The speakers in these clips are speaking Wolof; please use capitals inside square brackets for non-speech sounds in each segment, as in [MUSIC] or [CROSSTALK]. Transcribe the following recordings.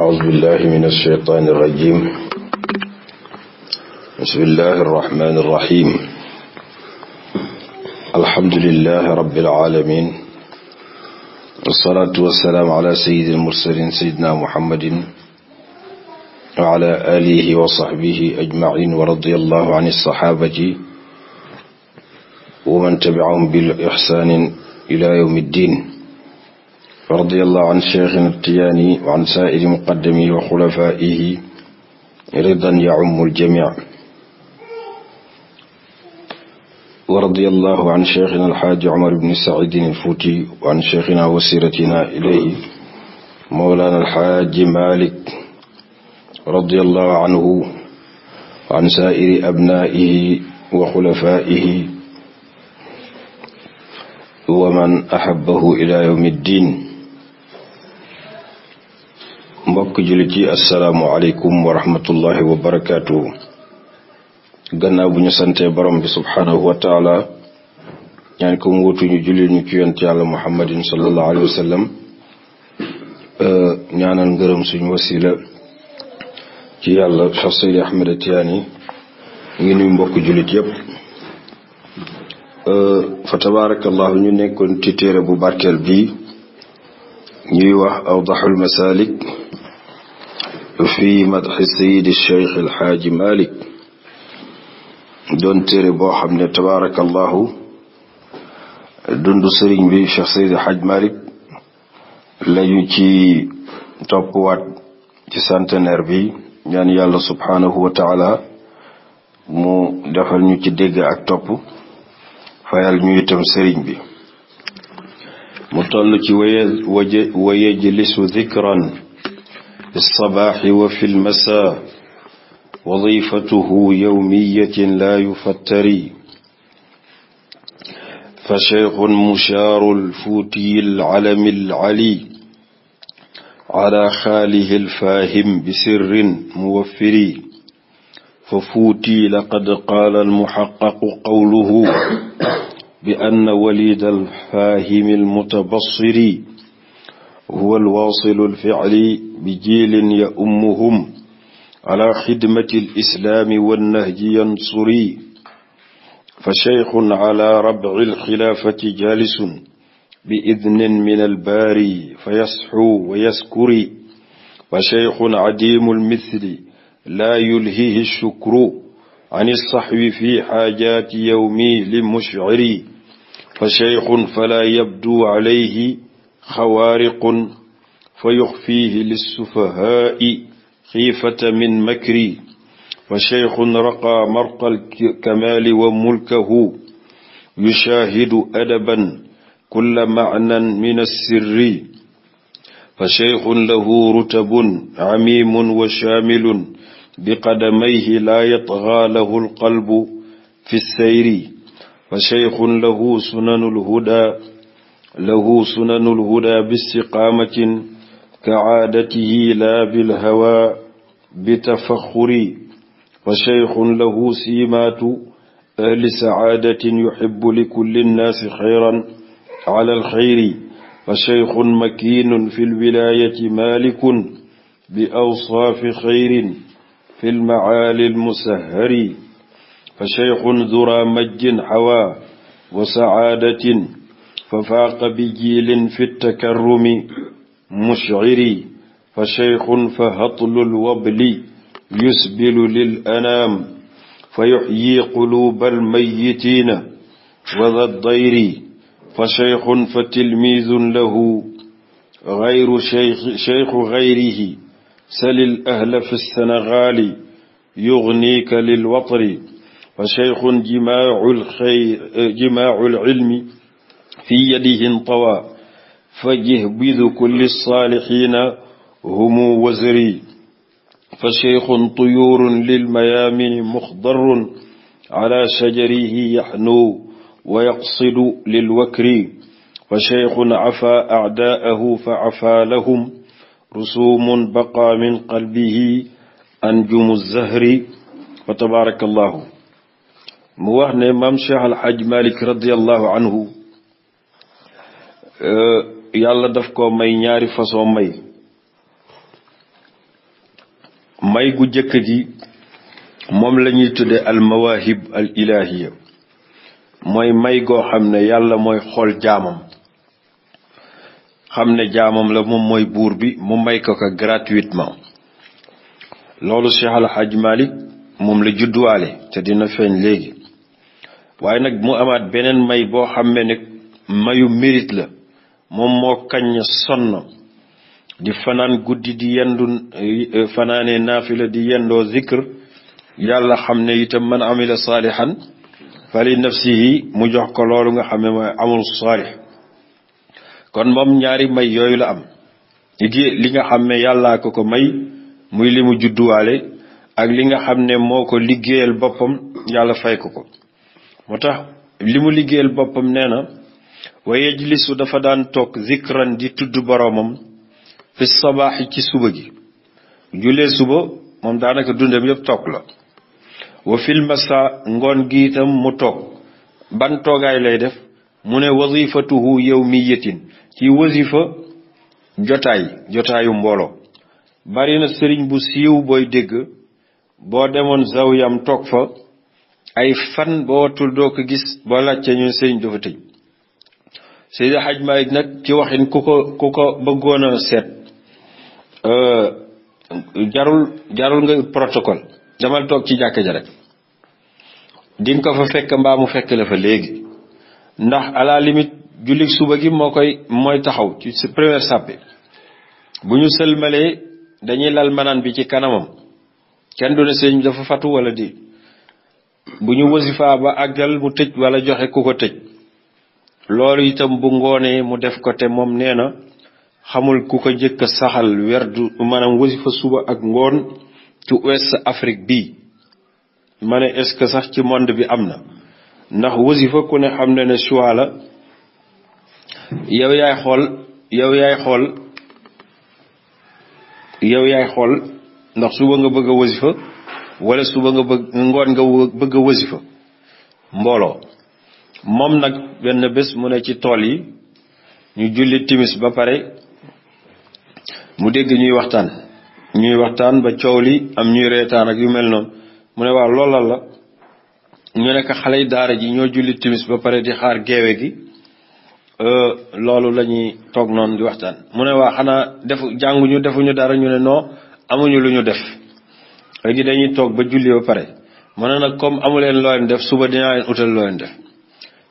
أعوذ بالله من الشيطان الرجيم بسم الله الرحمن الرحيم الحمد لله رب العالمين والصلاة والسلام على سيد المرسلين سيدنا محمد وعلى آله وصحبه أجمعين ورضي الله عن الصحابة ومن تبعهم بالإحسان إلى يوم الدين رضي الله عن شيخنا التياني وعن سائر مقدمه وخلفائه رضا يعم الجميع ورضي الله عن شيخنا الحاج عمر بن سعيد الفوتي وعن شيخنا وسيرتنا إليه مولانا الحاج مالك رضي الله عنه وعن سائر أبنائه وخلفائه ومن أحبه إلى يوم الدين mbokk jullit yi asalaamualeykum wa rahmatullahi wa barakaatu. gannaaw bu ñu santee borom bi subhaanahu wa taala ñaan ko wuutu ñu jullit ñu ci yonent yàlla muhammadin sallallahu alayhi wa sallam euh, ñaanal suñu wasila ci yàlla Cheikh Seydi Ahmed Tidiane ngi mbokk jullit yépp euh, fa tabaarakallahu ñu nekkoon ci téere bu barkeel bii ñuy wax awdaxul masalik fi madxi sayidi cheikh alxaaji malik doon téere boo xam ne tabaarakallahu dundu sëriñ bi cheikh sayidi xaaj malik lañu ci toppwaat ci centenaire bi ñaan yàlla subhaanahu wa taala mu defal ñu ci dégg ak topp fayal ñu itam sëriñ bi mu toll ci waye wa yajlisu dikran fi lsabaxi wa fi lmasa wadifatuhu yowmiyatin la yufattari fa cheikhun mushaaru lfuutiyi lcalami lcali ala xaalihi lfaahim bisirrin muwaffiri fa fuutii laqad qaala almuxaqaqu qawluhu bi anna walida alfaahimi almutabassiri huwa alwaasilu alficli bi jiilin ya ummuhum ala xidmati alislaami wannahji yansuri fa cheykhun ala rabci alxilaafati jaalisun biidnin min albaari fa yasxu wa yaskuri fa cheykhun cadiimu almithli laa yulhihi alshukru an alsaxwi fi xaajaati yowmi li mushciri fa cheyxun fala yabdu alayhi xawaariqun fa yuxfiihi lissufahaai xiifata min makri fa cheyxun raqa marqa alkamaali wa mulkahu yushaahidu adaban kulla maanan min assirri fa cheyxun lahu rutabun amimun wa shaamilun biqadamayhi laa yatgaa lahu alqalbu fi ssayri fa cheikhun lahu sunanul huda lahu sunanul huda bistiqaamatin ka aadatihi la bilhawa bitafaxuri fa cheikhun lahu siimaatu ahli sacaadatin yuxibu likulli nnaasi xayran ala alxayri fa cheikhun makiinun fi lwilaayati maalikun bi awsaafi xayrin fi lmacaali almusahari fa cheikhun dura majjin xawa wa sacaadatin fa faaqa bi jiilin fi takarrumi mushciri fa cheikhun fa hatlul wabli yusbilu lil anaam fa yuxyi quluuba almayitiina wa da dayri fa cheikhun fa tilmiizun lahu gayru cheikh cheikhu gayrihi salil ahla fi senegaali yugniika lil watri fa cheikhun jimaul xayr jimaul ilmi fi yadihin tawa fa jihbidu kulli saalihina humu wazri fa cheikhun tuyurun lilmayamini muxdarun ala shajarihi yaxnu wa yaqsidu lilwakri fa cheikhun afa aadaahu fa afa lahum rusumun baqa min qalbihi anjumu zahri fa tabaraka allahu mu wax ne maam Cheikh Al Hadj Malick radiyallahu anhu euh, yàlla daf ko may ñaari façon may may gu jëkk gi moom la ñuy tudde al mawahib al ilahiya mooy may goo xam ne yàlla mooy xool jaamam xam ne jaamam la moom mooy buur bi mu may ko ko gratuitement loolu Cheikh Al Hadj moom la judduwaale te dina feeñ léegi waaye nag mu amaat beneen may boo xam ne mayu mérite la moom moo kañ sonn di fanaan guddi di yendu eh, fanaanee naafila di yendoo zikr yàlla xam ne itam man amila saalihan fali nafsihi mu jox ko loolu nga xam ne mooy amul saalih kon moom ñaari may yooyu la am di li nga xam ne yàllaa ko ko may muy limu judduwaale ak li nga xam ne moo ko liggéeyal boppam yàlla fay ko ko moo tax li mu liggéeyal boppam nee na wa yajlisu dafa daan toog zikran di tudd boroomam fi sabaaxi ci suba gi jullee suba moom daanaka dundam yëpp toog la wa fil masa ngoon gi itam mu toog ban toogaay lay def mu ne wazifatuhu yawmiyatin ci wazifa jotaay jotaayu mbooloo bari sëriñ bu siiw booy dégg boo demoon zawiyam toog fa ay fan boo watul doo ko gis boo laajtee ñun sëriñ dafa tëj Seydi Haj Malik nag ci waxin ku ko ku ko bëggoon a seet euh, jarul jarul nga protocole demal toog ci jàkka ja rek di nga ko fa fekk mbaamu mu fekk la fa léegi ndax à la limite jullit suba gi moo koy mooy taxaw ci sa première sàppe bu ñu sëlmalee dañuy lal manaan bi ci kanamam kenn du ne dafa fatu wala di bu ñu wasifaa ba àggal mu tëj wala joxe ku ko tëj loolu itam bu ngoonee mu def ko te moom nee na xamul ku ko njëkk a saxal werdu maanaam wasifa suba ak ngoon ci ouest Afrique bii ma ne sax ci monde bi am na ndax wasifa ku ne xam ne ne choix la yow yaay xool yow yaay xool yow yaay xool ndax suba nga bëgg a wasifa wala suba nga bëgg ngoon nga bëgg a wasifa mbooloo moom nag benn bés mu ne ci tool yi ñu julli timis ba pare mu dégg ñuy waxtaan ñuy waxtaan ba coow li am ñuy reetaan ak yu mel noonu mu ne waa loolal la ñu nekk xale yi daara ji ñoo julli timis ba pare di xaar geewe gi euh, loolu lañuy toog noonu di waxtaan mu ne waa xanaa defu ñu defuñu dara ñu ne noo amuñu lu ñu def rek di dañuy toog ba julli ba pare ma ne nag comme amu leen loo def suba dina leen utal loo leen def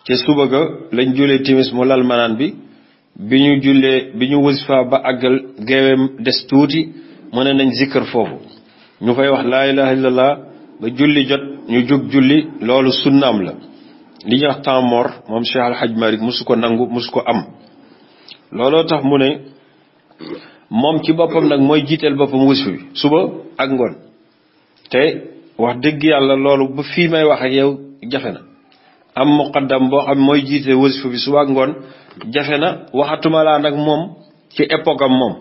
te suba ga lañ jullee timis mu lal manaan bi bi ñu jullee bi ñu wasifa ba àggal géewee des tuuti mu ne nañ zikkër foofu ñu fay wax laa ilaha illallah ba julli jot ñu jug julli loolu sunnaam la li ñuy wax temps moom Cheikh Al Hadj Malick mosu ko nangu mosu ko am looloo tax mu ne moom ci boppam nag mooy jiiteel boppam wasifa bi suba ak ngoon te wax dëgg yàlla loolu ba fii may wax ak yow jafe na am muqaddam boo xam mooy jiite wasifa bi suba ak ngoon jafe na waxatuma laa moom ci époque am moom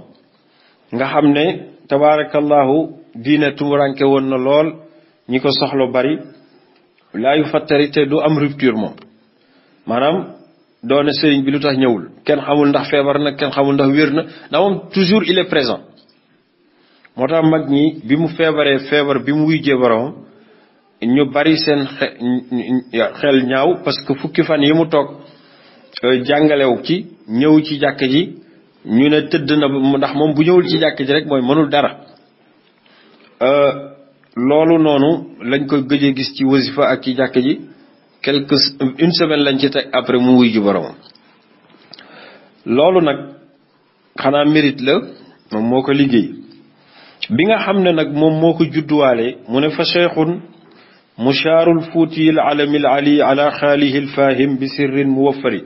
nga xam ne tabaarakallaahu diine tumuranke woon na lool ñi ko soxla bari laayu fattari te du am rupture moom maanaam doone sëriñ bi lu tax ñëwul kenn xamul ndax feebar na kenn xamul ndax wér na ndax moom toujours il est présent moo tax mag ñi bi mu feebaree feebar bi mu wijjee borom ñu bari seen xel ñaaw parce que fukki fan yi mu toog euh, jàngalew ci ñëw ci jàkk ji ñu ne tëdd na ndax moom bu ñëwul ci jàkk ji rek mooy mënul dara euh, loolu noonu lañ ko gëj gis ci wasifa ak ci jàkk ji quelques une semaine lañ ci teg après mu wuy ju boromam loolu nag xanaa mérite la moom moo ko liggéey bi nga xam ne nag moom moo ko judduwaale mu ne fa cheikhun mushaarul fuuti l alami l ali ala xaalihi l fahim bi sirrin muwaffari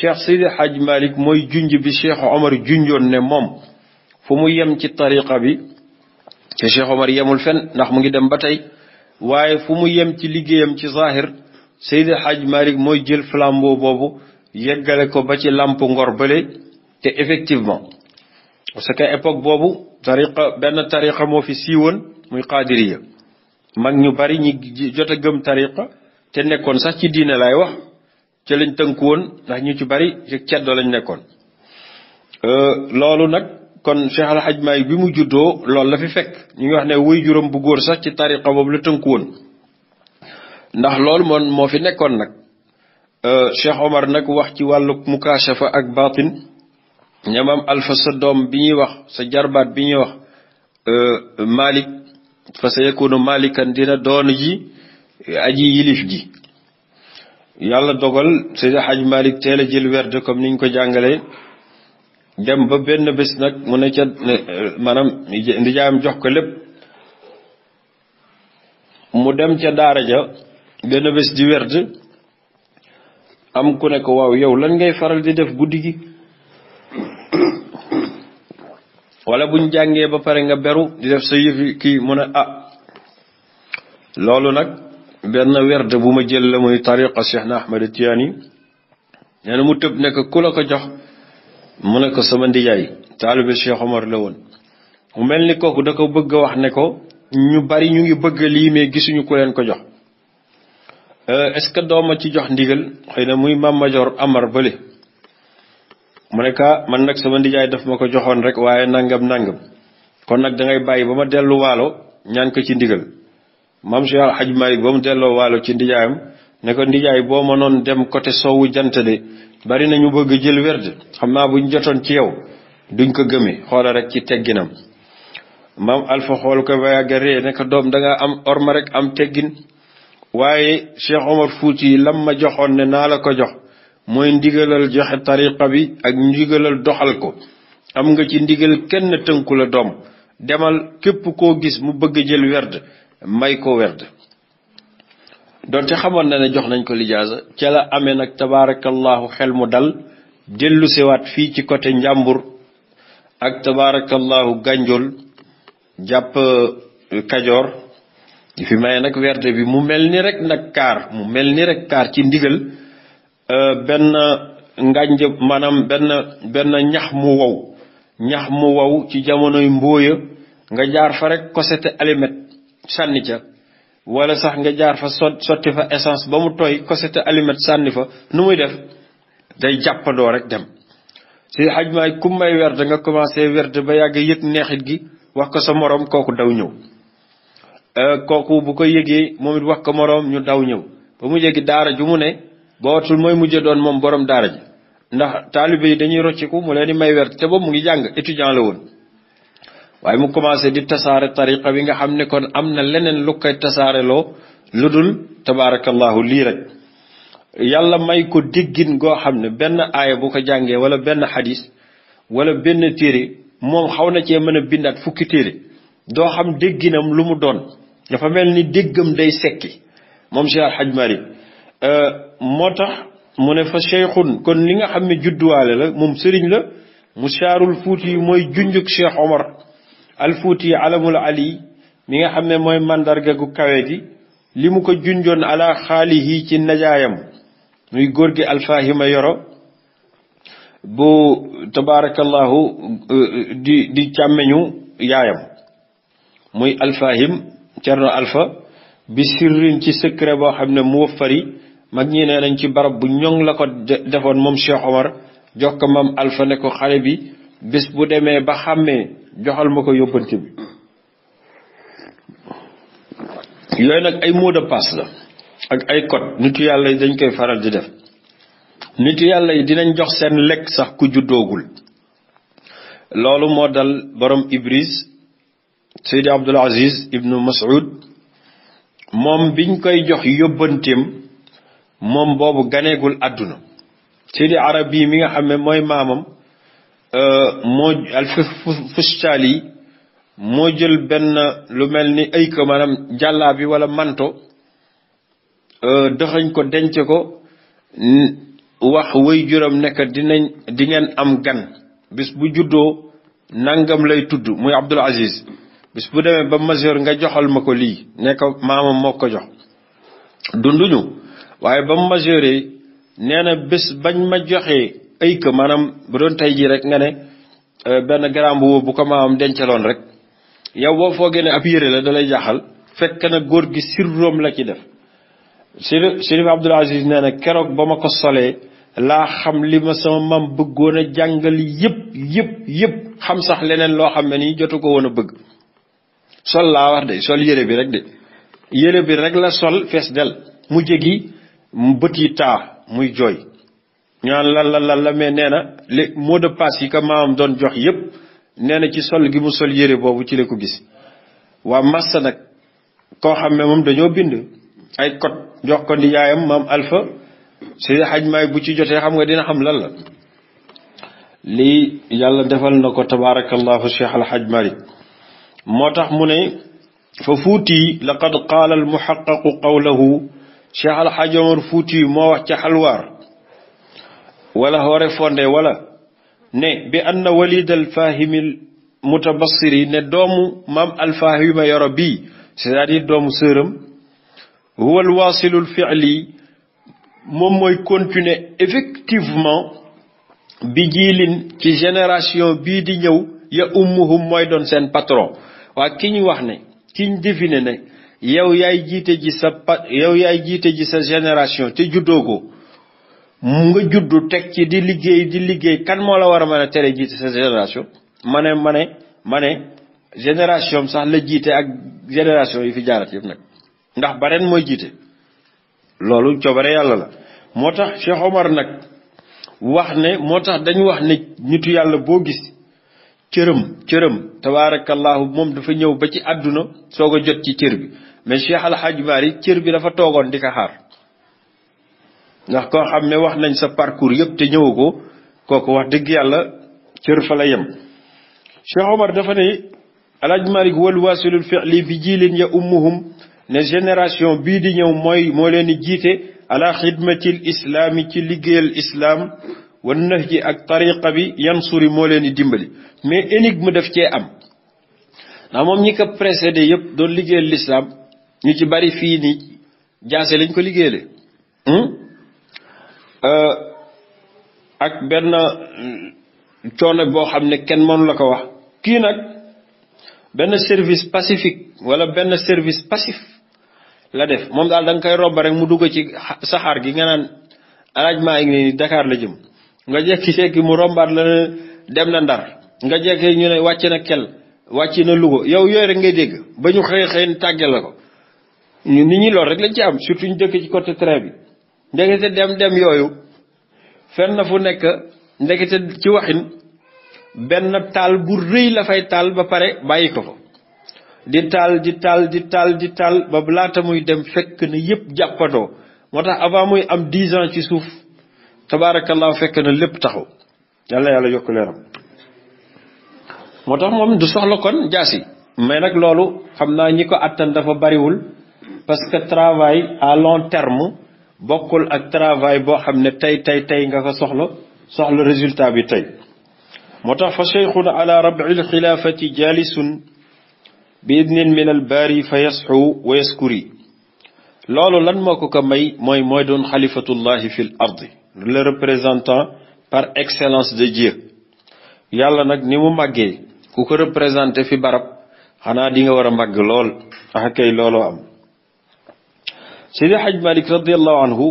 cheikh sidi haj malik mooy junj bi cheikh omar junjoon ne moom fu mu yem ci tariqa bi te cheikh omar yemul fen ndax mu ngi dem ba tey waaye fu mu yem ci liggéeyam ci zahir seydi haj malik mooy jël flambeau boobu yeggale ko ba ci làmp ngor bële te effectivement parce que époque boobu tariqa benn tariqa moo fi siiwoon muy qaadiriya mag ñu bari ñi jot a gëm tariqa te nekkoon sax ci diine laay wax ci lañ tënku woon ndax ñu ci bari ci ceddo lañ nekkoon euh, loolu nag kon Cheikh Al Hadj Maalik bi mu juddoo loolu la fi fekk ñu ngi wax ne wuy juróom bu góor sax ci tariqa boobu la tënku woon ndax loolu moom moo fi nekkoon nag euh, Cheikh Omar nag wax ci wàllu mukaashafa ak baatin ñamam alfa sa doom bi ñuy wax sa jarbaat bi ñuy wax euh, malik fa sa yakunu malikan dina doon ji aji yilif ji yàlla dogal seydi xaj malik teel a jël werd comme niñ ko jàngale dem ba benn bés nag mu ne ca euh, maanaam ndijaayam jox ko lépp mu dem ca daara ja benn bés di werd am ku nekk ko yow lan ngay faral di def guddi gi wala buñ jàngee ba pare nga beru di def sa yëfi kii mu ne ah loolu nag benn werd bu ma jël la muy tariqa Cheikh na Ahmed Tiyaani nee na mu tëb nekk ku la ko jox mu ne ko sama ndijaay taalibe Cheikh Omar la woon mu mel ni kooku da ko bëgg wax ne ko ñu bari ñu ngi bëgg lii mais gisuñu ku leen ko jox euh, est-ce que dooma ci jox ndigal xëy na muy Mame major Amar Bële mu ne ka man nag sama ndijaay daf ma ko joxoon rek waaye nangam nangam kon nag da ngay bàyyi ba ma dellu waalo ñaan ko ci ndigal maam Cheikh Al Hadj Malick ba mu delloo waalo ci ndijaayam ne ko ndijaay boo ma noon dem côté soowu jant de bari nañu bëgg jël werd xam naa buñ jotoon ci yow duñ ko gëmee xoola rek ci tegginam maam Alpha xool ko ba yàgg ree ne doom danga am orma rek am teggin waaye Cheikh Omar Fouti lam ma joxoon ne naa la ko jox mooy ndigalal joxe tariqa bi ak ndigalal doxal ko am nga ci ndigal kenn tënkula doom demal képp koo gis mu bëgg jël werd may ko werd donte xamoon na ne jox nañ ko lijaasa ca la amee nag tabaarakallahu xel mu dal dellu fii ci côté njàmbur ak tabaarakallahu gànjool jàpp euh, kajoor di fi maye nag werd bi mu mel ni rek nag kaar mu mel ni rek kaar ci ndigal Euh, benn ngànj maanaam benn benn ñax mu wow ñax mu wow ci jamonoy mbóoya nga jaar fa rek cosette alimet sànni ca wala sax nga jaar fa sotti fa essence ba mu tooy cosette alimet sànni fa nu muy def day jàppandoo rek dem si xaj maay kum may werd nga commencé werd ba yàgg yëg neexit gi wax ko sa moroom kooku daw ñëw euh, kooku bu ko yëgee moom it wax ko moroom ñu daw ñëw ba mu yëgi daara ju ne bootul mooy mujj doon moom boroom daara ji ndax taalibe yi dañuy rocciku mu leen di may wert te boobu mu ngi jàng étudiant la woon waaye mu commencé di tasaare tariqa bi nga xam ne kon am na leneen lu koy tasaare loo lu dul tabaarakallahu lii rek yàlla may ko déggin goo xam ne benn aaya bu ko jàngee wala benn xadis wala benn téere moom xaw na cee mën a bindaat fukki téere doo xam dégginam lu mu doon dafa mel ni déggam day sekki moom Cheikh Hadj Mari Euh, moo tax mu ne fa cheikhun kon li nga xam ne judduwaale la moom sëriñ la mu saarul fuuti yi mooy junjug cheikh omar al fuuti alamul ali mi nga xam ne mooy màndarga gu kawe gi li mu ko junjoon ala xaalihi ci najaayam muy góor gi alfahima yoro bu tabaarakallahu euh, di di càmmeñu yaayam muy alfahim cerno alfa bi sirrin ci secret boo xam ne mu wëffari mag ñi nee nañ ci barab bu ñoŋ la ko defoon moom Cheikh Omar jox ko maam Alpha ne ko xale bi bés bu demee ba xàmmee joxal ma ko yóbbante bi yooyu nag ay mot de passe la ak ay code nitu yàlla yi dañ koy faral di def nitu yàlla yi dinañ jox seen lekk sax ku juddoogul loolu moo dal borom Ibris Seydi Abdul Aziz Ibnu Mas'ud moom biñ koy jox yóbbanteem moom boobu ganeegul àdduna arab Arabi mi nga xam mooy maamam euh, moo al fustaali yi moo jël benn lu mel ni ay ko maanaam jàllaa bi wala manto euh, doxañ ko denc ko wax way juram nekk dinañ di ngeen am gan bis bu juddoo nangam lay tudd muy Abdul Aziz bis bu demee ba majeur nga joxal ma ko lii nekk maamam moo ko jox dunduñu waaye ba mu majeure nee na bés bañ ma joxee ay ka maanaam bu doon tey jii rek nga ne euh, benn garaam bu bu ko maamam denceloon rek yow boo foogee ne ab yére la dalay jaxal fekk na góor gi sirroom la ci def Chérif Abdoul Aziz nee na keroog ba ma ko solee laa xam li ma sama maam bëggoon a jàngal yépp yëpp yëpp xam sax leneen loo xam ne nii jotu ko woon a bëgg sol laa wax de sol yére bi rek de yére bi rek la sol fees del mu jégi mu bët yi taa muy jooy ñu naan lan la lan la mais nee na li mot de passe yi ko maamam doon jox yépp nee na ci sol gi mu sol yére boobu ci la ko gis waa massa nag koo xam ne moom dañoo bind ay code jox ko ndi yaayam maam alpha si xajmaay bu ci jotee xam nga dina xam lal la lii yàlla defal na ko tabarakallahu cheikh alhaj malik moo tax mu ne fa fuuti laqad qaala almuxaqaqu qawlahu Cheikh Al Hadj Omar moo wax ca xalwaar wala Hoore Fonde wala ne bi anna walid al fahimil mutabassiri ne doomu maam al fahima yoro bii c'est-à-dire doomu sëram huwa al waasilul fi'li moom mooy continuer effectivement bi jiilin ci génération bii di ñëw ya ummuhum mooy doon seen patron waa ki wax ne ki ñu défini ne yow yaay jiite ji sa pa yow yaay jiite ji sa génération te juddoo ko mu nga juddu teg ci di liggéey di liggéey kan moo la war a mën a tere jiite sa génération ma ne mane ne génération sax la jiite ak génération yi fi jaarat yëpp nag ndax ba mooy jiite loolu coobare yàlla la moo tax Cheikh Omar nag wax ne moo tax dañu wax ne nitu yàlla boo gis cërëm cërëm tabaarakallahu moom dafa ñëw ba ci àdduna soog a jot ci cër bi mais Cheikh Al Hadj Malick cër bi dafa toogoon di ko xaar ndax koo xam ne wax nañ sa parcours yëpp te ñëwu ko kooku wax dëgg yàlla cër fa la yem. Cheikh Omar dafa ne Al Hadj Malick wal waasilul bi jiilin ya ummuhum ne génération bii di ñëw mooy moo leen di jiite. ala xidmatil islaami ci liggéeyal islaam wan nax ji ak tariqa bi yansuri moo leen di dimbali mais énigme def cee am ndax moom ñi ko précédé yëpp doon liggéeyal lislaam ñu ci bari fii ni jaase lañ ko liggéeyale hmm? euh, ak benn euh, coono boo xam ne kenn mënu la ko wax kii nag benn service pacifique wala benn service passif la def moom daal danga nga koy robb rek mu dugg ci saxaar gi nga naan arrangement yi ni Dakar la jëm nga jekki-jekki mu rombaat la dem na Ndar nga jekki ñu ne wàcc na kel wàcci na Louga yow yooyu rek ngay dégg ba ñu xëy xëy tàgge la ko ñu nit ñi lool rek lañ ci am surtout ñu dëkk ci côté train bi ndekete dem dem yooyu fenn fu nekk ndekete ci waxin benn taal bu rëy la fay taal ba pare bàyyi ko ko di taal di taal di taal di taal ba laata muy dem fekk na yëpp jàppandoo moo tax avant muy am dix ans ci suuf tabaarakallah fekk na lépp taxaw yàlla yàlla yokk leeram moo tax moom du soxla kon jaasi mais nag loolu xam naa ñi ko àttan dafa bariwul parce que travail à long terme bokkul ak travail boo xam ne tey tey tey nga ko soxla soxla résultat bi tey moo tax fa cheikhun ala rabil xilaafati jalisun bi idnin min al baari fa yasxu wa yaskuri loolu lan moo ko ko may mooy mooy doon xalifatullahi fil ardi le représentant par excellence de Dieu yàlla nag ni mu màggee ku ko représenté fi barab xanaa di nga war a màgg lool ah kay looloo am Seydi Hadj Malick radiallahu anhu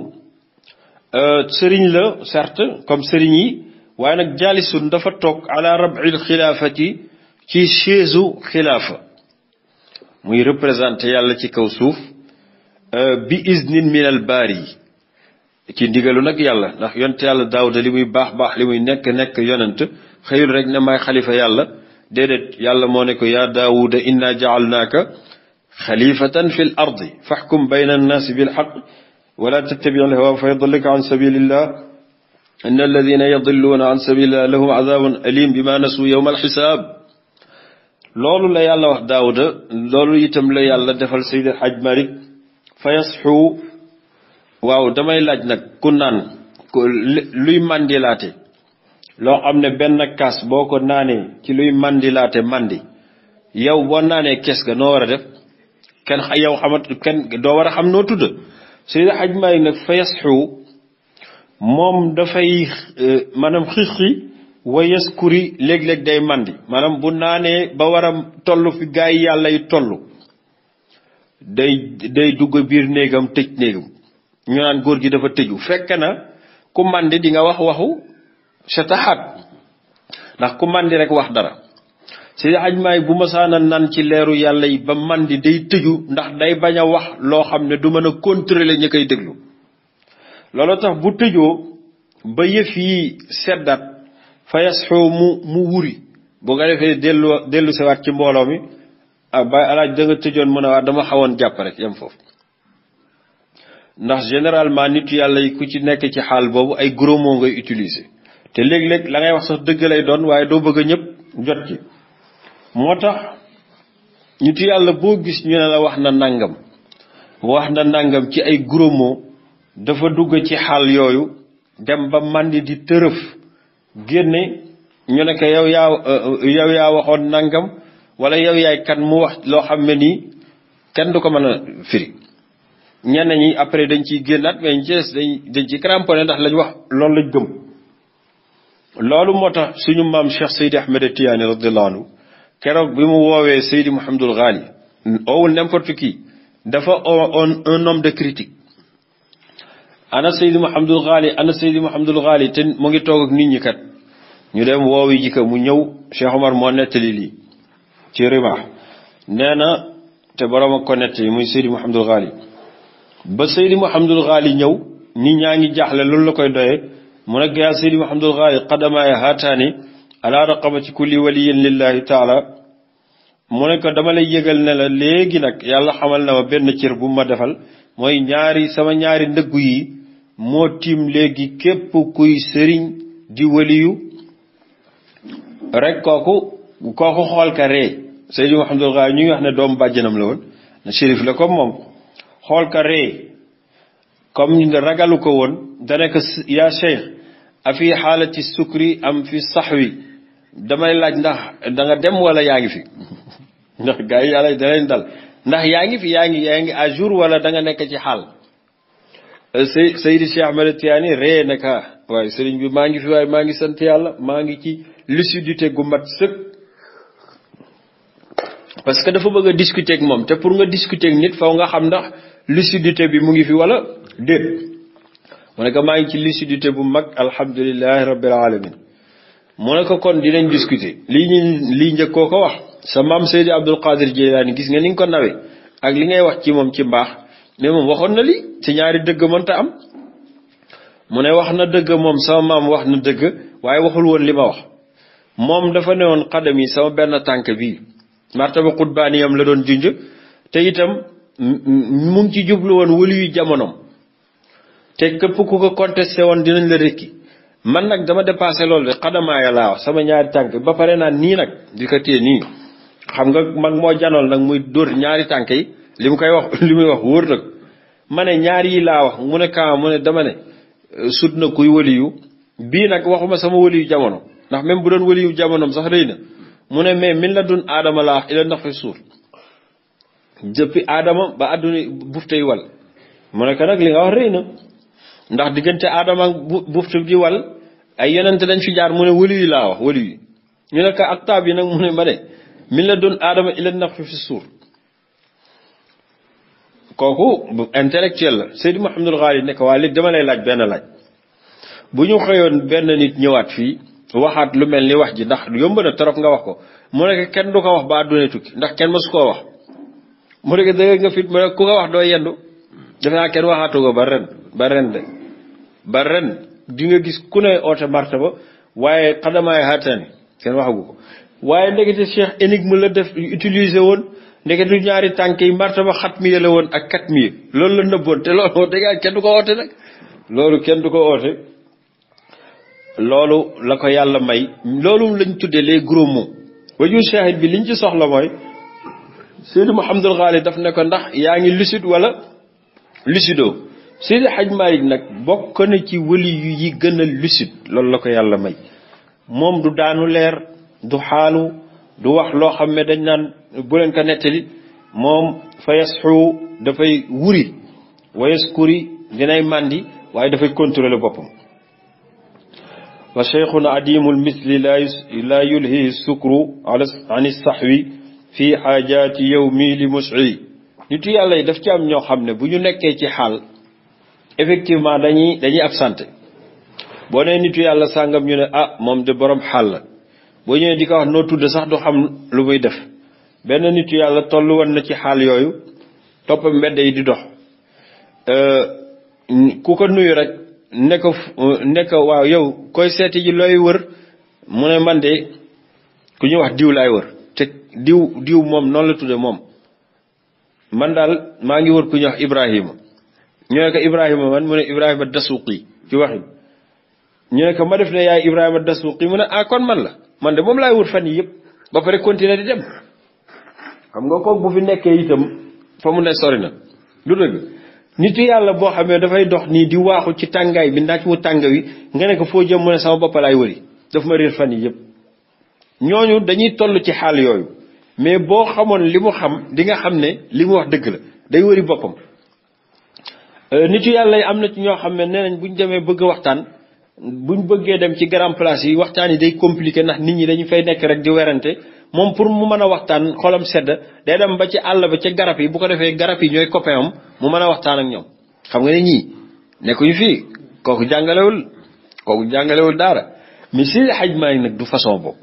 euh, sëriñ la certes comme sëriñ yi waaye nag jaalisun dafa toog ala rabil xilaafati ci chaise xilaafa muy représenté yàlla ci kaw suuf euh, bi iznin min al baari ci ndigalu nag yàlla ndax yonte yàlla daawuda li muy baax baax li muy nekk nekk yonent xëyul rek ne maay xalifa yàlla déedéet yàlla moo nekk ko yaa daawuda inna jaalnaaka xalifatan fi l ardi faxkum bayna annaasi bilxaq wala tattabi alhawa fa yudillaka an sabilillah in alladina yadilluuna an sabilillah lahum adabun alim bima nasu yowma alxisaab loolu la yàlla wax daawuda loolu itam la yàlla defal sayd alxaj malik fa yasxu waaw damay laaj nag ku naan luy mandilaate loo xam ne benn kaas boo ko naanee ci luy mandilaate mandi yow boo naanee kees ga noo war a def kenn yow xamat kenn doo war a xam noo tudd Seydi Aj Maalik nag fa yasxu moom dafay euh, maanaam xiixi wa yaskuri léeg-léeg day mandi maanaam bu naanee ba war a toll fi gaa yi yàlla yi toll day day dugg biir néegam tëj néegam ñu naan góor gi dafa tëju fekk na ku mandi di nga wax waxu sataxaat ndax ku mandi rek wax dara si Haj Maalik bu masaana nan ci leeru yàlla yi ba man di day tëju ndax day bañ a wax loo xam ne du mën a contrôler ñi koy déglu loolu tax bu tëjoo ba yëf yi seddat fa yasxoo mu mu wuri bu nga defee dellu dellu siwaat ci mbooloo mi ak ah, bay alaaj da nga tëjoon mën a waa dama xawoon jàpp rek yem foofu ndax généralement nit yàlla yi ku ci nekk ci xaal boobu ay gros mots ngay utiliser te léeg-léeg la ngay wax sax dëgg lay doon waaye doo bëgg a ñëpp jot ci moo tax nit yàlla boo gis ñu ne la wax na nangam wax na nangam ci ay gros dafa dugg ci xal yooyu dem ba màndi di tërëf génne ñu ne ko yow yaa yow yaa waxoon nangam wala yow yaay kan mu wax loo xam ne nii kenn du ko mën a firi ñenn ñi après dañ ciy génnaat mais ñu ci dañ dañ ci cramponné ndax lañ wax loolu lañ gëm loolu moo tax suñu maam Cheikh Seydi Ahmed Tidiane radiyallahu anhu keroog bi mu woowee Seydi Mouhamadul Ghali oowul n'importe qui dafa on un homme de critique ana Seydi Mouhamadul Ghali ana Seydi Mouhamadul Ghali te mu ngi toog ak nit ñi kat ñu dem woowi ji mu ñëw Cheikh Omar moo nettali lii ci ribaax nee na te borom ak ko nettali muy Seydi Mouhamadul Ghali ba Seydi Mouhamadul Ghali ñëw nit ñaa ngi jaaxle loolu la koy doyee mu ne yaa Seydi Mouhamadul Ghali xadamaay haataani ala raqaba ci kulli waliyin lillahi taala moo ne ko dama lay yëgal ne la léegi nag yàlla xamal na ma benn cir bu ma defal mooy ñaari sama ñaari ndëggu yi moo tiim léegi képp kuy sëriñ di waliyu rek kooku kooku xool ka ree Seydi Mouhamadul Ghali ñu ngi wax ne doomu bàjjanam la woon na shérif la comme moom xool ka ree comme ñu ragalu ko woon da nekk yaa cheikh afi xaalati sukri am fi saxwi damay laaj ndax da nga dem wala yaa ngi fi [LAUGHS] ndax gars yi yàlla da leen dal ndax yaa ngi fi yaa ngi yaa ngi à jour wala danga nekk ci xaal euh, Sey Seydi Cheikh Ahmed Tidiane ree na waaye sëriñ bi maa ngi fi waaye maa ngi sant yàlla maa ngi ci lucidité gu mat sëkk parce que dafa bëgg a discuter ak moom te pour nga discuter ak nit faw nga xam ndax lucidité bi mu ngi fi wala déet mu maa ngi ci lucidité bu mag alhamdulilahi rabbil alamin mu ne ko kon dinañ discuter lii ñu lii njëkk koo ko wax sa maam Seydi Abdul Qadir Jeylaani gis nga ni nga ko nawe ak li ngay wax ci moom ci mbaax mais moom waxoon na li ci ñaari dëgg mënta am mu ne wax na dëgg moom sama maam wax na dëgg waaye waxul woon li ma wax moom dafa ne woon xadam yi sama benn tànk bi bii martaba yam la doon junj te itam mu ci jublu woon wëli jamonoom te képp ku ko contesté woon dinañ la rëkki man nag dama dépassé loolu de xadamaaya laa wax sama ñaari tànk ba pare naa nii nag di ko téye nii xam nga mag moo janool nag muy dóor ñaari tànk yi li mu koy wax [LAUGHS] li muy wax wóor nag ma ne ñaar yi laa wax mu ne kaa mu ne dama ne euh, sut na kuy waliyu bii nag waxuma sama waliyu jamono ndax même bu doon waliyu jamonoom sax rëy mu ne mais min la dun aadama laa wax ila ndax fi suuf depuis aadama ba àdduna buuf tey wal mu ne ko nag li nga wax rëy na ndax diggante aadama buuf di ay yonent lañ fi jaar mu ne wëli yi laa wax wëli yi ñu ne ko ak yi nag mu ne ma de min la doon aadama ila nafxi fi suur kooku bu intellectuel la Seydi Mouhamadul Ghali nekk waa li dama lay laaj benn laaj bu ñu xëyoon benn nit ñëwaat fii waxaat lu mel ni wax ji ndax yomb na trop nga wax ko mu nekk kenn du ko wax ba àdduna tukki ndax kenn mësu koo wax mu nekk dëgg nga fit mu ne ku ko wax doo yendu defe naa kenn waxaatu ko ba ren ba ren ba ren di nga gis ku ne oote martaba waaye xadamaay xaataani kenn waxagu ko waaye ndekete cheikh énigme la def utiliser woon ndekete ñaari tànk yi ba xat mi la woon ak kat mi loolu la nëbboon te loolu [LAUGHS] dëgg kenn du ko oote nag loolu kenn du ko oote loolu la ko yàlla may loolu lañ tuddee les gros mots waju shahid bi liñ ci soxla mooy Seydi Mouhamadul Xaali daf ne ko ndax yaa ngi lucide wala lucido Seydi Hadj Malick nag bokk na ci wëli yu yi gën a lucide loolu la ko yàlla may moom du daanu leer du xaalu du wax loo xam ne dañ naan bu leen ko nettali moom fa yasxu dafay wuri wa yaskuri dinay màndi waaye dafay contrôler boppam na cheikhuna adimul misli laa yulhihi sukru an saxwi fi xaajaati yow mii li musci nitu yàlla yi daf ci am ñoo xam ne bu ñu nekkee ci xaal effectivement dañuy dañuy absenté boo nee nitu yàlla sàngam ñu ne ah moom de borom xaal la boo ñëwee di ko wax noo tudd sax du xam lu muy def benn nitu yàlla tollu woon na ci xaal yooyu topp mbedd yi di dox euh, ku ko nuyu rek ne ko ne waaw yow koy seeti ji looy wër mu ne man de ku ñuy wax diw laay wër te diw diw moom noonu la tudde moom man daal maa ngi wër ku ñuy wax Ibrahima ñu ne ko Ibrahima man mu ne Ibrahima dasuqi ci waxin ñu ne ko ma def na yaay Ibrahima dasuqi mu ne ah kon man la man de moom laay wut fan yi yëpp ba pare continuer di dem xam nga kooku bu fi nekkee itam fa mu ne sori na du dëgg nitu yàlla boo xamee dafay dox nii di waaxu ci tàngaay bi ndax mu tàng wi nga ne ko foo jëm mu ne sama bopp laay wëri daf ma réer fan yi yëpp ñooñu dañuy toll ci xaal yooyu mais boo xamoon li mu xam di nga xam ne li mu wax dëgg la day wëri Euh, nitu yàlla yi am na ci ñoo xam ne nee nañ bu ñu demee bëgg a waxtaan bu ñu bëggee dem ci grand place yi waxtaan yi day compliqué ndax nit ñi dañu fay nekk rek di werante moom pour mu mën a waxtaan xolam sedd day dem ba ci àll ba ca garab yi bu ko defee garab yi ñooy copain am mu mën a waxtaan ak ñoom. xam nga ne ñii nekkuñu fii kooku jàngalewul kooku jàngalewul daara mais si xaj maa nag du façon boobu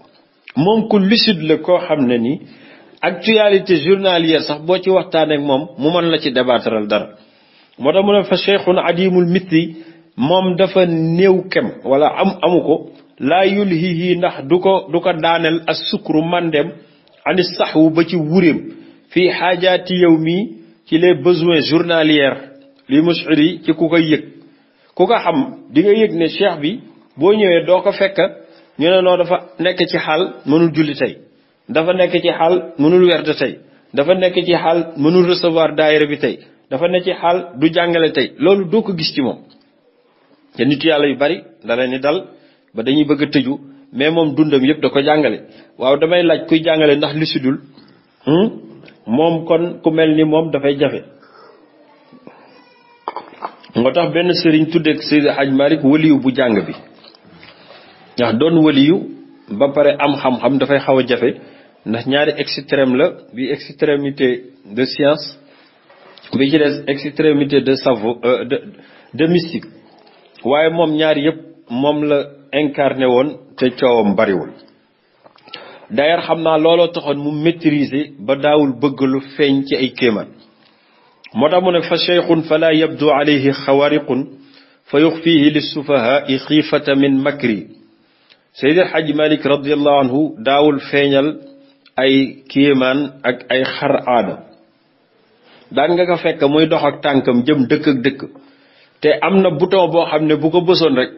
moom ku lucide la koo xam ne nii actualité journalière sax boo ci waxtaan moom mu mën la ci débattaral dara. moo tax mu a fa cheikhun adimul misli moom dafa néew kem wala am amu ko laa yulhihi ndax du ko du ko daaneel as sukru mandem ani saxwu ba ci wuréem fii xaajaati yow mii ci les besoins journaliers li mushiri ci ku koy yëg ku ko xam dinga nga yëg ne cheikh bi boo ñëwee doo ko fekk ñu ne dafa nekk ci xaal mënul julli tey dafa nekk ci xaal mënul werd tey dafa nekk ci xaal mënul recevoir daayira bi tey dafa ne ci xaal du jàngale tey loolu doo ko gis ci moom te nitu yàlla yu bari da ni dal ba dañuy bëgg a tëju mais moom dundam yëpp da ko jàngale waaw damay laaj kuy jàngale ndax li dul hmm? moom kon ku mel ni moom dafay jafe moo tax benn sëriñ tuddee Seydi Haj Malick waliyu bu jàng bi ndax doon waliyu ba pare am xam-xam dafay xaw a jafe ndax ñaari extrême la bi extrémité de science bi ci des extrémité de savo euh, de de waaye moom ñaar yëpp moom la incarné woon te coowam bariwul d'ailleurs xam naa looloo taxoon mu maîtriser ba daawul bëgg lu feeñ ci ay kéemaan moo tax mu ne fa cheikhun fala yabdu alayhi xawariqun fa yuxfihi lissufahaai xiifata min makri Seydi El Hadji radiallahu anhu daawul feeñal ay kéemaan ak ay xar aada daan nga ko fekk muy dox ak tànkam jëm dëkk ak dëkk te am na buton boo xam ne bu ko bësoon rek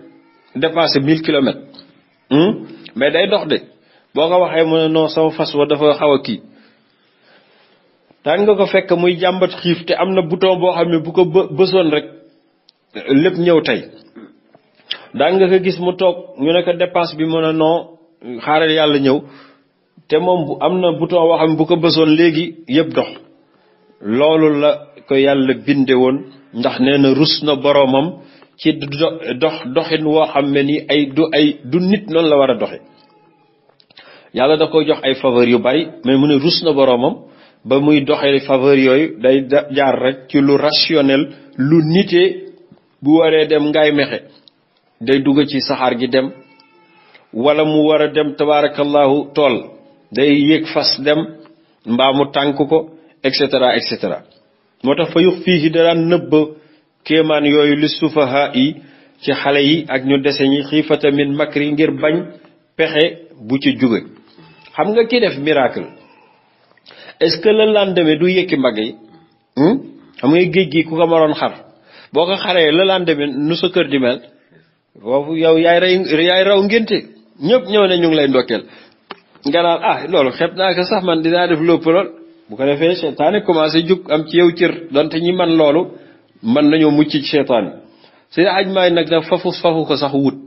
dépassé mille kilomètres hmm? mais day dox de boo ko waxee mu ne non sama fas wa dafa xaw a kii daan nga ko fekk muy jàmbat xiif te am na bouton boo xam ne bu ko bësoon rek lépp ñëw tey daan nga ko gis mu toog ñu ne ko dépasse bi mu ne noo xaaral yàlla ñëw te moom bu am na buton boo xam ne bu ko bësoon léegi yëpp dox loolu la ko yàlla binde woon ndax nee na rus na boroomam ci dox doxin woo xam ne ni ay du ay du nit noonu la war a doxe yàlla da koy jox ay faveur yu bari mais mu ne rus na boroomam ba muy doxee faveur yooyu day jaar rek ci lu rationnel lu nitee bu waree dem ngay mexe day dugg ci saxaar gi dem wala mu war a dem tabaarakallahu tool day yéeg fas dem mbaa mu tànk ko et cetera et cetera moo tax fa yux fii dara nëbb kéemaan yooyu li sufaha yi ci xale yi ak ñu dese ñi xiifata min makri ngir bañ pexe bu ci jóge xam nga ki def miracle est-ce que le lendemain du yëkki mbagg yi hmm? xam nga géej gi ku ko xar boo ko xaree le lendemain nu sa kër di mel foofu yow yaay rey raw ngénte ñëpp ñëw ne ñu ngi lay ndokkeel nga naan ah loolu xeeb naa ko sax man dinaa def lópp lool bu ko defee seytaane commencé jug am ci yew cër donte ñi man loolu man nañoo mucc ci seytaane si aj maay nag da fafu fafu ko sax wut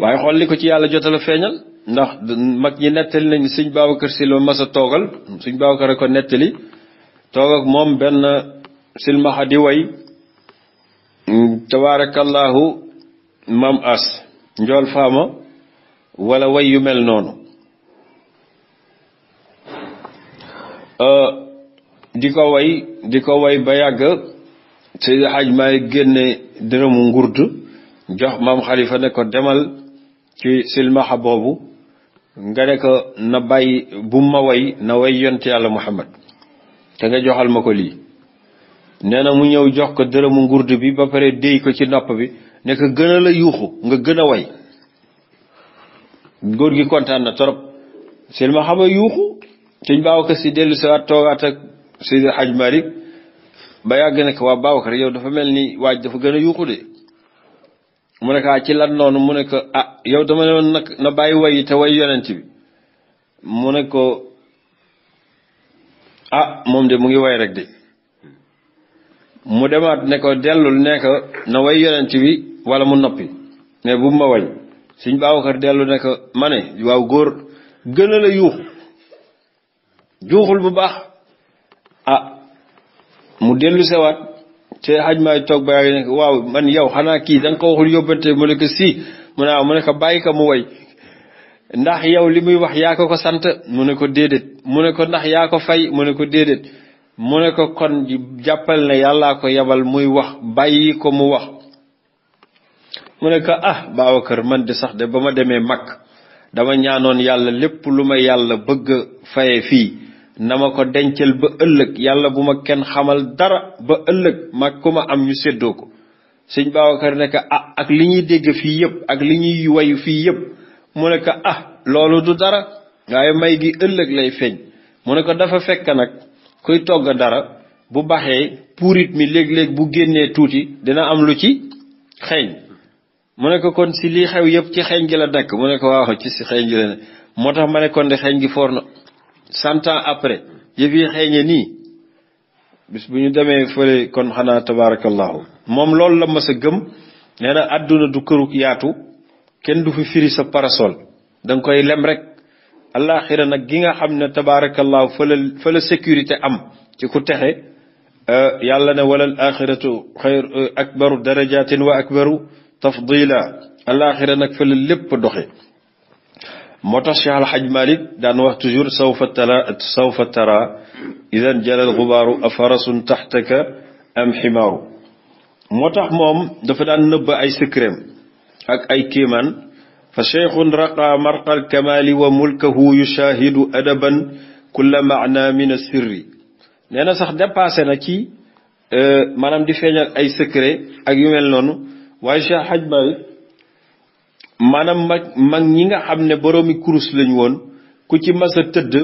waaye xool li ko ci yàlla jotal a feeñal ndax mag ñi nettali nañ suñ Babacar kër la masa a toogal suñ Babacar a ko nettali toog moom benn silmaxa di way tabaarakallaahu maam as njool faama wala way yu mel noonu Euh, di ko way di ko way ba yàgg Seydi Haj Maalik génne dërëmu ngurd jox maam Xalifa ne ko demal ci silmaxa boobu nga ne na bàyyi bu ma way na way yont yàlla Muhammad te nga joxal ma ko lii nee na mu ñëw jox ko dërëmu ngurd bi ba pare déy ko ci nopp bi ne ko a yuuxu nga gën a way góor gi kontaan na trop silmaxa ba yuuxu baaw Babacar si dellu si waat toogaat ak Seydi Hadj Malick ba yàgg ne ko waa Babacar yow dafa mel ni waaj dafa gën a yuuxu de mu ne ah ci lan noonu mu ne ah yow dama ne nag na bàyyi way te way yonent bi mu ne ko ah moom de mu ngi way rek de mu demaat ne ko dellul nekk ko na way yonent bi wala mu noppi mais bu ma wañ sëñ Babacar dellu ne ko ma waaw góor gën a la yuuxu juuxul bu baax a ah, mu dellu sewaat te xaj ma toog ba yàgg waaw man yow xanaa kii danga ko waxul yóbbante mu ne ko si mu ne ah, mu ne ko bàyyi ko mu woy ndax yow li muy wax yaa ko ko sant mu ne ko déedéet mu ne ko ndax yaa ko fay mu ne ko déedéet mu ne ko kon jàppal ne yàllaa ko yabal muy wax bàyyi ko mu wax mu ne ko ah kër man de sax de ba ma demee mag dama ñaanoon yàlla lépp lu ma yàlla bëgg faye fii na ma ko dencal ba ëllëg yàlla bu ma kenn xamal dara ba ëllëg mag ku ma am ñu seddoo ko sëñ Babacar ne ah, ak li ñuy dégg fii yëpp ak li ñuy wayu fii yëpp mu ne ko ah loolu du dara waaye may gi ëllëg lay feeñ mu ne ko dafa fekk nag kuy togg dara bu baxee puurit mi léeg-léeg bu génnee tuuti dina am lu ci xeeñ mu ne kon si lii xew yëpp ci xeeñ gi la dakk mu ne ko waaw ci si xeeñ gi la ne moo tax ma ne kon de xeeñ gi foor na cent ans après yëf yi nii bis bu ñu demee fële kon xanaa tabaarakallahu moom loolu la mas a gëm nee àdduna du këruk yaatu kenn du fi firi sa parasol da koy lem rek alaxira nag gi nga xam ne tabaarakallahu fa la sécurité am ci ku texe euh, yàlla ne wala alaxiratu xayr euh, akbaru darajatin wa akbaru tafdila alaxira nag fa la lépp doxe moo tax Cheikh Al Hadj Malick daan wax toujours sawfa tara sawfa tara idan jalal xubaaru afarasun taxtaka am ximaaru moo tax moom dafa daan nëbb ay secret ak ay kéemaan fa cheikhun raqa marqal kamaali wa mulkahu yushaahidu adaban kulla maana min sirri nee na sax dépassé na ci euh, maanaam di feeñal ay secret ak yu mel noonu waaye Cheikh Hadj Malick maanaam mag mag ñi nga xam ne boroomi kurus lañ woon ku ci mas a tëdd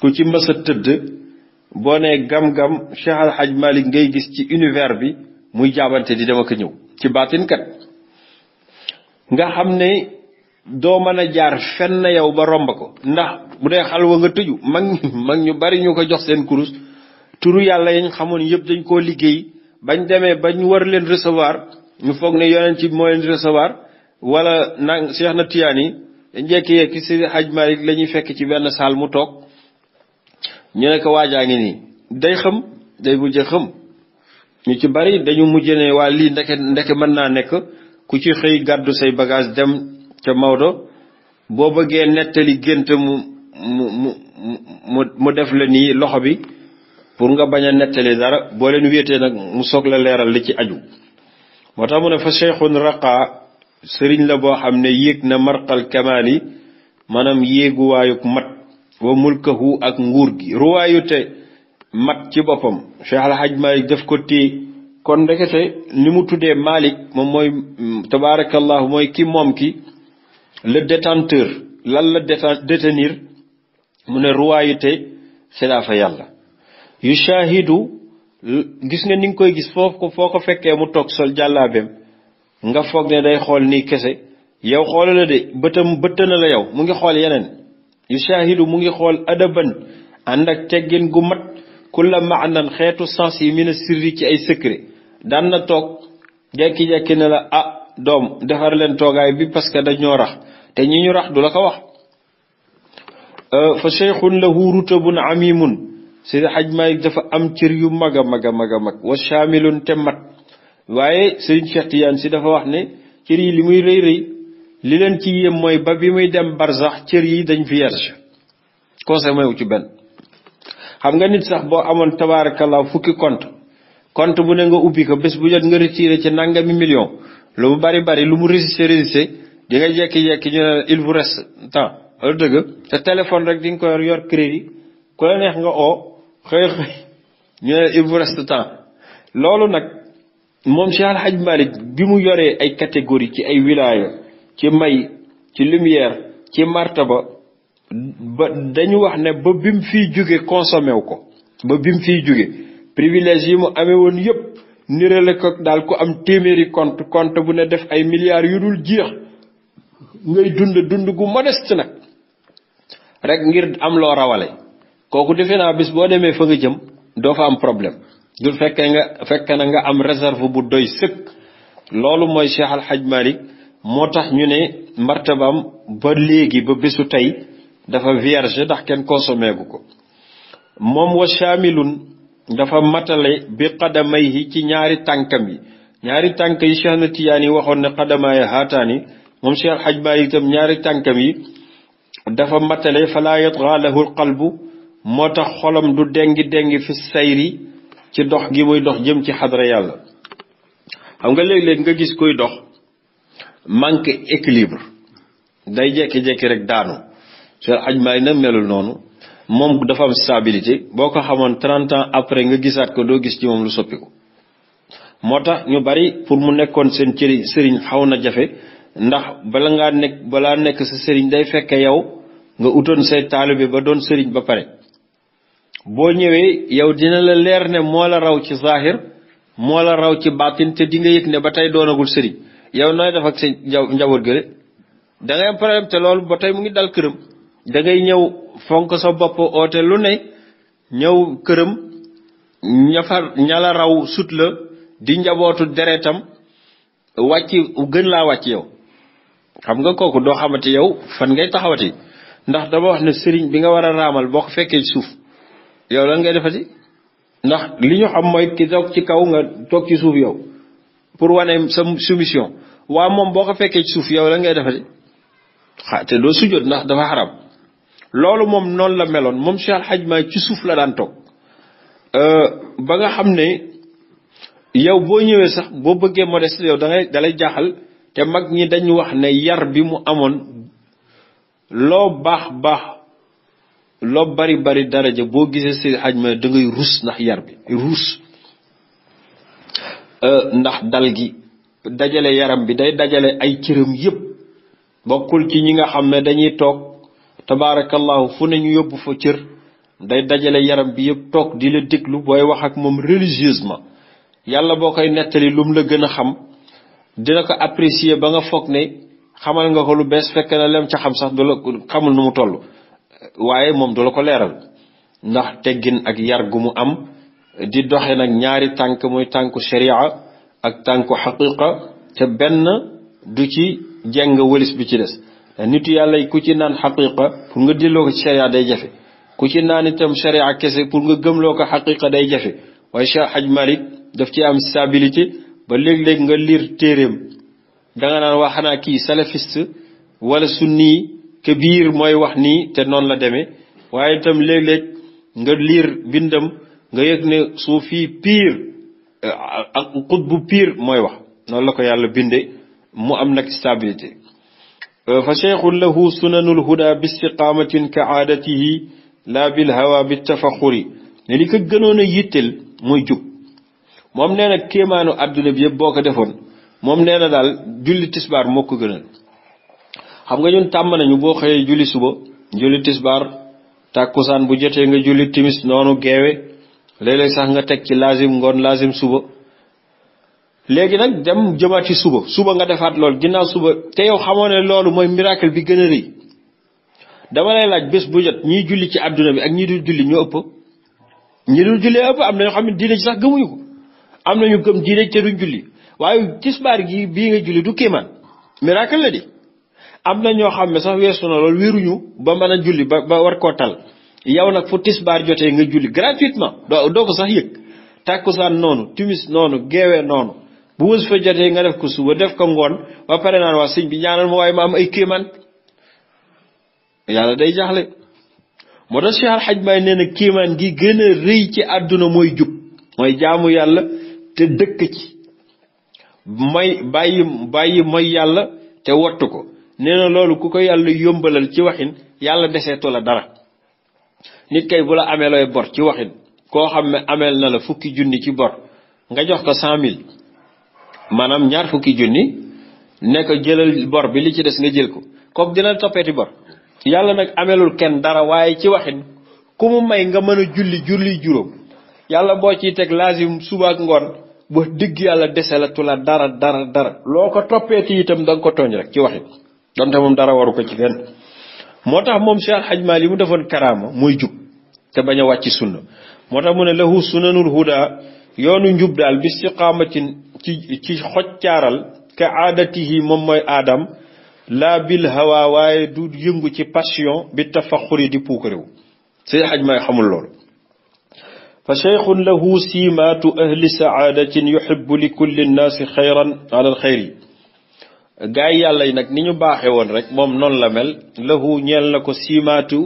ku ci mas tëdd boo nee gam-gam Cheikh Al malik ngay gis ci univers bi muy jaabante di dem ak ñëw ci baatinkat nga xam ne doo mën a jaar fenn yow ba romb ko ndax bu dee xalwa nga tëju mag mag ñu bari ñu ko jox seen kurus turu yàlla yañ xamoon yëpp dañ koo liggéey bañ demee bañ war leen recevoir ñu foog ne yonent ci moo leen recevoir wala nang Cheikh na Tiyaan yi njekki ki si Haj Malik la ñuy fekk ci benn saal mu toog ñu ne ko waajaa ngi nii day xam day mujj xam ñu ci bari dañu mujj ne waa lii ndeke ndeke mën naa nekk ku ci xëy gàddu say bagage dem ca Maodo boo bëggee nettali gént mu mu mu mu def la nii loxo bi pour nga bañ a nettali dara boo leen wéetee nag mu soog la leeral li ci aju moo tax mu ne fa cheikhun raqa sëriñ la boo xam ne yéeg na marqal kamaan yi maanaam yéeguwaayuk mat wa mulkahu ak nguur gi ruwaayute mat ci boppam Cheikh Al Hadj Malick daf ko téye kon ndekete ni mu tuddee Malick moom mooy tabaarakallahu mooy ki moom ki le détenteur lan la détenir mu ne ruwaayute xilaafa yàlla yu shaahidu gis nga ni nga koy gis foofu ko foo ko fekkee mu toog sol jàllaabeem nga foog ne day xool nii kese yow xoola de bëtam bëtta la yow mu ngi xool yeneen yu shaahidu mu ngi xool adaban ànd ak teggin gu mat kulla maanan xeetu sens yi mina sirri ci ay secret daan na toog jekki-jekki ne la ah doom defar leen toogaay bi parce que dañoo rax te ñi ñu rax du la ko wax euh, fa na am rutabun amimun si xaj maay dafa am cër yu mag a mag a mag mag wa chaamilun te mat waaye Serigne Cheikh Tidiane si dafa wax ne cër yi li muy rëy rëy li leen ci yéem mooy ba bi muy dem sax cër yi dañ vierge consommé wu ci benn xam nga nit sax boo amoon tabaarakallaa fukki compte compte bu ne nga ubbi ko bés bu jot nga retiré ci nangami million lu mu bari bari lu mu résisté résisté di nga jekki-jekki ñu ne il vous reste temps wala dëgg te téléphone rek di nga ko yor yor crédit ku la neex nga oo xëy xëy ñu ne il vous reste temps loolu nag moom Cheikh Al Hadj Malick bi mu yoree ay catégorie ci ay wilaaya ci may ci lumière ci martaba ba dañu wax ne ba bi mu fiy jóge consommé wu ko ba bi mu fiy jóge privilège yi mu amee woon yëpp nirale daal ku am téeméeri compte compte bu ne def ay milliards yu dul jeex ngay dund dund gu modeste nag rek ngir am loo rawale kooku defe naa bis boo demee fa nga jëm doo fa am problème du fekkee nga fekke na nga am réserve bu doy sëkk loolu mooy Cheikh Al Hadj moo tax ñu ne martabaam ba léegi ba bésu tey dafa vierge ndax kenn consommé ko moom wa shaamilun dafa matale bi qadamayhi ci ñaari tànkam yi ñaari tànk yi Cheikh na Tiyaani waxoon ne qadamaaya haataani moom Cheikh Al Hadj Malick ñaari tànkam yi dafa matale falaa yatgaa lahu al moo tax xolam du dengi dengi fi sayri ci dox gi muy dox jëm ci xadra yàlla xam nga léeg-léeg nga gis kuy dox manque équilibre day jekki-jekki rek daanu Cheikh Aj na melul noonu moom dafa am stabilité boo ko xamoon 30 ans après nga gisaat ko doo gis ci moom lu soppiku moo tax ñu bari pour mu nekkoon seen cëriñ sëriñ xaw na jafe ndax bala ngaa nekk balaa nekk sa sëriñ day fekk yow nga utoon say taalibe ba doon sëriñ ba pare boo ñëwee yow dina la leer ne moo la raw ci zahir moo la raw ci baatin te di nga yëg ne ba tey doonagul sëriñ yow nooy def ak sa njaboot gële da ngay am ba tey mu ngi dal këram da ngay ñëw fonk sa bopp oote lu ne ñëw këram ñafar ñala raw sut la di njabootu deretam wàcc gën laa wàcc yow xam nga kooku doo xamante yow fan ngay taxawati ndax dama wax ne sëriñ bi nga war a raamal boo fekkee suuf yow lan ngay defati ndax li ñu xam mooy ki toog ci kaw nga toog ci suuf yow pour wane sa soumission waa moom boo ko fekkee ci suuf yow lan ngay defati xa te doo sujjóot ndax dafa xaram loolu moom noonu la meloon moom Cheikh xaj ma ci suuf la daan toog euh, ba nga xam ne yow boo ñëwee sax boo bëggee modeste yow dangay dalay jaaxal te mag ñi dañu wax ne yar bi mu amoon loo baax baax loo bari bari daraja boo gisee Seydi Hadj ma da ngay ruus ndax yar bi ruus euh, ndax dal gi dajale yaram bi day dajale ay cëram yépp bokkul ci ñi nga xam ne dañuy toog tabaarakallahu fu ne ñu yóbbu fa cër day dajale yaram bi yépp toog di déglu booy wax ak moom religieusement yàlla boo koy nettali lu mu la gën a xam dina ko apprécier ba nga foog ne xamal nga ko lu bees fekk na lem ca xam sax du la xamul nu mu toll waaye moom du la ko leeral ndax teggin ak yar gu mu am di doxe nag ñaari tànk muy tànku sharia ak tànku xaqiqa te benn du ci jeng wëlis bi ci des nit yàlla yi ku ci naan xaqiqa pour nga delloo ko sharia day jafe ku ci naan itam sharia kese pour nga gëmloo ko xaqiqa day jafe waaye Cheikh Hadj Malick daf ci am stabilité ba léeg-léeg nga liir téeréem danga naan waa xanaa kii salafiste wala sunni Kabiir mooy wax nii te noonu la demee waaye itam léeg-léeg nga liir bindam nga yëg ne suufi piir eh, ak xutbu piir mooy wax noonu la ko yàlla binde mu am nag stabilité eh, fa cheikhun lahu sunanul huda bi istiqaamatin ka aadatihi laa bil bi tafaxuri ne li ko gënoon a yitteel mooy jub moom nee kéemaanu àdduna bi yëpp boo ko defoon moom nee na daal julli tisbaar moo ko gënal xam nga ñun tàmm nañu boo xëyee julli suba julli tisbaar tàkkusaan bu jotee nga julli timis noonu geewe léeg-léeg sax nga teg ci lazim ngoon lazim suba léegi nag dem jëmaat ci suba suba nga defaat lool ginnaaw suba te yow xamoo ne loolu mooy miracle bi gën a rëy dama lay laaj bés bu jot ñiy julli ci àdduna bi ak ñi dul julli ñoo ëpp ñi dul julli ëpp am na ñoo xam ne ji sax gëmuñu ko am na ñu gëm diine te duñ julli waaye tisbaar gi bii nga julli du kéemaan miracle am na ñoo xam ne sax weesu na loolu wéruñu ba mën a julli ba ba war koo tal yow nag fu tisbaar jotee nga julli gratuitement doo ko sax yëg tàkkusaan noonu timis noonu geewe noonu bu wës fa jotee nga def ko suba def ko ngoon ba pare naan waa sëñ bi ñaanal ma waaye ma am ay kéemaan yàlla day jaaxle moo tax Cheikh Al Hadj Baye kéemaan gi gën a rëy ci àdduna mooy jub mooy jaamu yàlla te dëkk ci may bàyyi bàyyi mooy yàlla te wattu ko nee na loolu ku ko yàlla yombalal ci waxin yàlla deseetu la dara nit kay bu la amee looy bor ci waxin koo xam ne ameel na la fukki junni ci bor nga jox ko cent mille maanaam ñaar fukki junni nekk jëlal bor bi li ci des nga jël ko kooku dina toppeeti bor yàlla nag ameelul kenn dara waaye ci waxin ku mu may nga mën a julli julli juróom yàlla boo ciy teg lazim suba ak ngoon bu digg yàlla dese la tu dara dara dara loo ko toppeeti itam da ko tooñ rek ci waxin donte moom dara waru ko ci fenn moo tax moom Cheikh Hadj Mali mu defoon karaama mooy jub te bañ a wàcc sunna moo tax mu ne lahu sunanul huda yoonu njub daal bi istiqaamatin ci ci xoccaaral ka aadatihi moom mooy aadam laa bil hawa waaye du yëngu ci passion bi tafaxuri di puukaréew Seydi Hadj Mali xamul lool fa cheikhun lahu siimaatu ahli saadatin yuhibbu li kulli nnaasi xayran ala gaay yàlla yi nag ni ñu baaxe woon rek moom noonu la mel lahu ñeel la ko siimaatu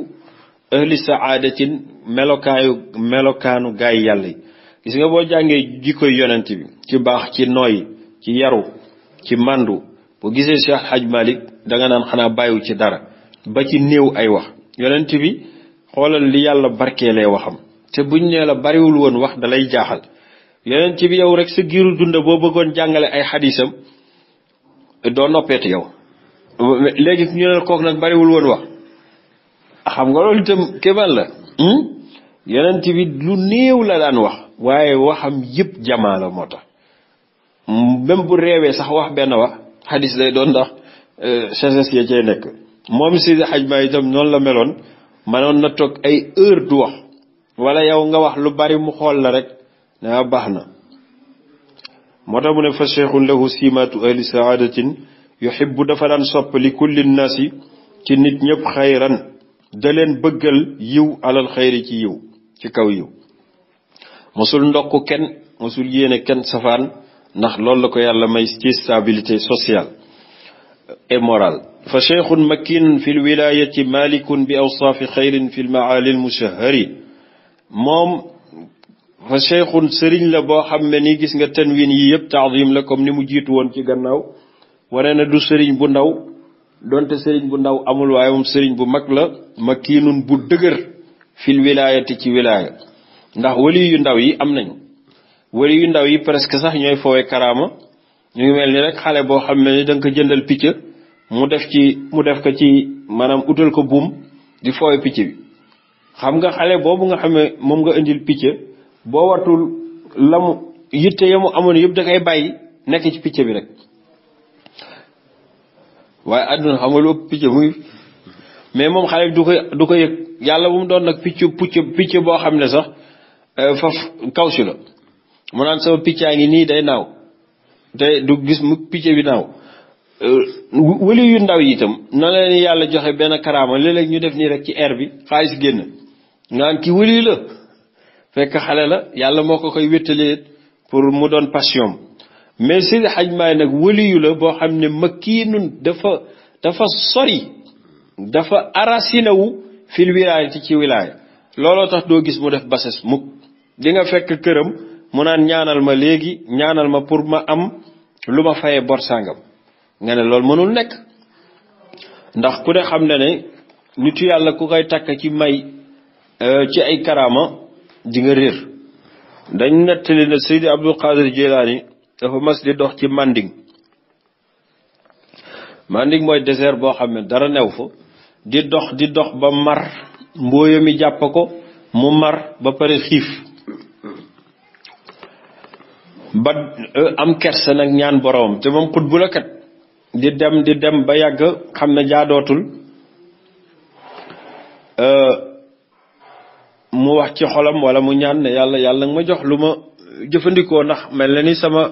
ahli saadatin melokaayu melokaanu gaay yàlla yi gis nga boo jàngee jikkoy yonent bi ci baax ci nooy ci yaru ci màndu bu gisee Cheikh xaj Malick danga naan xanaa bàyyiwu ci dara ba ci néew ay wax yonent bi xoolal li yàlla barkeelee waxam te buñ nee la bariwul woon wax dalay jaaxal yonent bi yow rek sa giiru dunda boo bëggoon jàngale ay xadisam doo noppeeti yow léegi ñu kook nag bariwul woon wax xam nga loolu itam kéemaan la hmm? yonent bi lu néew la daan wax waaye waxam yépp jamaa moo tax même bu réewee sax wax benn wax xadis lay doon ndax euh, sagesse ya cay nekk moom si xaj ma itam noonu la meloon manoon na toog ay heure du wax wala yow nga wax lu bari mu xool la rek na baax na moo tax mu ne fa cheikhun lahu simatu ahli saadatin yuhibbu dafa daan li kulli ci nit ñëpp xayran da leen bëggal yiw alal ci yiw ci kaw yiw mosul ndokku kenn mosul yéene kenn safaan ndax loolu la ko yàlla may ci stabilité sociale et fa cheikhun makkinun fi lwilayati malikun bi awsaafi xayrin fi lmaali almushahari fa cheikhun sëriñ la boo xam ne ni gis nga tanwin yi yëpp taadim la comme ni mu jiitu woon ci gannaaw wane na du sëriñ bu ndaw donte sëriñ bu ndaw amul waaye moom sëriñ bu mag la makiinun bu dëgër fil wilaayati ci wilaaya ndax wali yu ndaw yi am nañu wali yu ndaw yi presque sax ñooy foowe karaama ñu mel ni rek xale boo xam ne ni da ko jëndal picc mu def ci mu def ko ci maanaam utal ko buum di foowe picc bi xam nga xale boobu nga xam moom nga indil picc boo wartul la mu yitte ya mu amoon yëpp da ngay bàyyi nekk ci picc bi rek waaye àdduna xam nga picc mu ngi mais moom xale bi du ko du ko yëg yàlla bu mu doon nag picc pucc picc boo xam ne sax euh, faf kaw si la mu naan sama piccaa ngi nii day naaw day du gis mu picc bi naaw euh, wëli yu ndaw yi itam na la yàlla joxe benn karaama léeg-léeg ñu def nii rek ci air bi xaalis génn ngaan ki wëli la fekk xale la yàlla moo ko koy wéttalee pour mu doon passion mais Seydi Hadj Maalik nag waliyu la boo xam ne kii makiinun dafa dafa sori dafa arasinawu fil wilaayati ci wilaaya looloo tax doo gis mu def bases mu di nga fekk këram mu naan ñaanal ma léegi ñaanal ma pour ma am lu ma fayee bor sàngam nga ne loolu mënul nekk ndax ku ne xam na ne nitu yàlla ku koy takk ci may euh, ci ay karaama di nga réer dañ nettali ne Seydi Abdul Qadir Jilaani dafa mas di dox ci Manding Manding mooy désert boo xam ne dara new fa di dox di dox ba mar mbooya mi jàpp ko mu mar ba pare xiif ba eh, am kersa nag ñaan boromam te moom xut bu la di dem di dem ba yàgg xam ne jaadootul eh, mu wax ci xolam wala mu ñaan ne yàlla yàlla nga ma jox lu ma jëfandikoo ndax mel na ni sama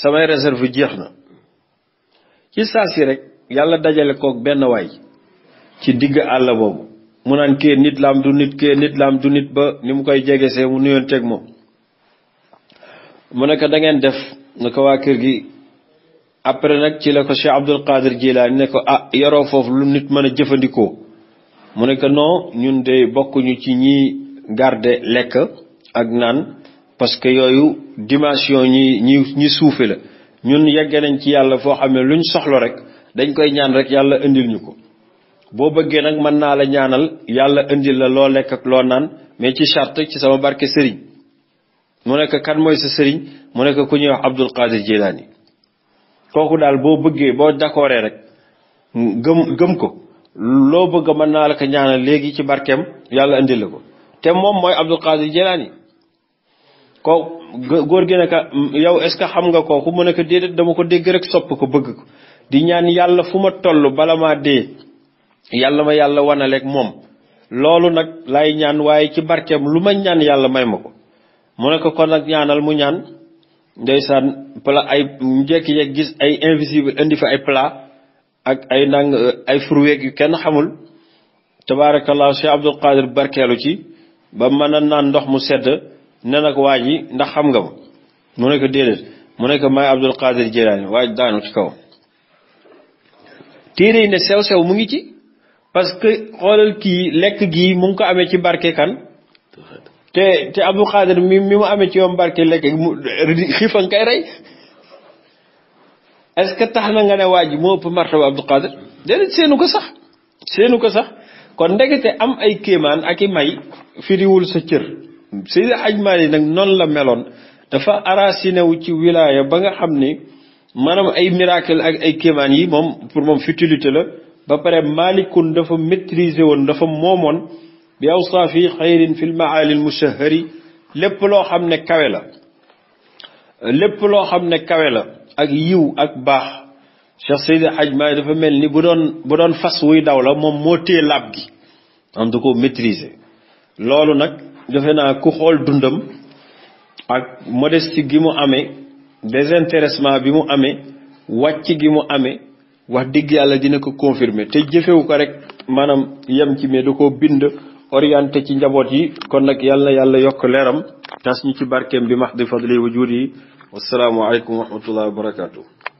samay réserve jeex na ci saa si rek yàlla dajale kook benn waay ci digg àll boobu mu naan kee nit laam du nit kee nit laam du nit ba ni mu koy jege see mu nuyoon teg moom mu nekk dangeen def na ko waa kër gi après nag ci la ko Cheikh Abdul Qadir Jilaani ne ko ah yaroo foofu lu nit mën a jëfandikoo mu ne ko ñun de bokkuñu ci ñi garde lekk ak naan parce que yooyu dimension ñi ñi ñi suufe la ñun yegge nañ ci yàlla foo xam ne ñu soxla rek dañ koy ñaan rek yàlla indil ñu ko boo bëggee nag mën naa la ñaanal yàlla indil la loo lekk loo naan mais ci charte ci sama barke sëriñ mu nekk kan mooy sa sëriñ mu nekk ku ñuy wax Abdul Qadir Jilani kooku daal boo bëggee boo d'accordé rek gëm gëm ko loo bëgg mën naa la ko ñaanal léegi ci barkeem yàlla indil la ko te moom mooy Abdul Qadir Jelaani ko góor gi ne ka yow est ce que xam nga kooku mu ne ko déedéet dama ko dégg rek sopp ko bëgg ko di ñaan yàlla fu ma toll bala ma dee yàlla ma yàlla wanaleeg moom loolu nag lay ñaan waaye ci barkeem lu ma ñaan yàlla may ma ko mu ne ko kon nag ñaanal mu ñaan ndeysaan plat ay njekki-jekk gis ay invisible indi fa ay plat ak ay nang ay fruits yu kenn xamul tabaarakallah Cheikh Abdul Qadir barkeelu ci ba mën a naan ndox mu sedd ne nag waa ji ndax xam nga ma mu ne ko déedéet mu nekk ko may Abdul Qadir Jilaani waa ji daanu ci kaw téere yi ne sew sew mu ngi ci parce que xoolal kii lekk gii mu ngi ko amee ci barke kan te te Abdul Qadir mi mi mu amee ci yoon barke lekk mu xiifan kay rey est tax na nga ne waa ji moo ëpp martaba Abdul Qadir déedéet seenu ko sax seenu ko sax kon ndekete am ay kéemaan ak i may firiwul sa cër Seydi Aj Maalik nag noonu la meloon dafa enraciné wu ci wilaya ba nga xam ni maanaam ay miracle ak ay kéemaan yi moom pour moom futilité la ba pare maalikun dafa maîtriser woon dafa moomoon bi awsaafi xayrin fil maali mushahari lépp loo xam ne kawe la lépp loo xam ne kawe la ak yiw ak baax Cheikh Seydi Hadj Maalik dafa mel ni bu doon bu doon fas wuy daw la moom moo téye laab gi am da ko maîtriser loolu nag defe naa ku xool dundam ak modestie gi mu amee désintéressement bi mu amee wàcc gi mu amee wax digg yàlla dina ko confirmer te jëfewu ko rek maanaam yem ci mais da koo bind oriente ci njaboot yi kon nag yàlla yàlla yokk leeram tas ñu ci barkeem bi max di fadli wujud yi wasalaamualeykum wa rahmatullahi wa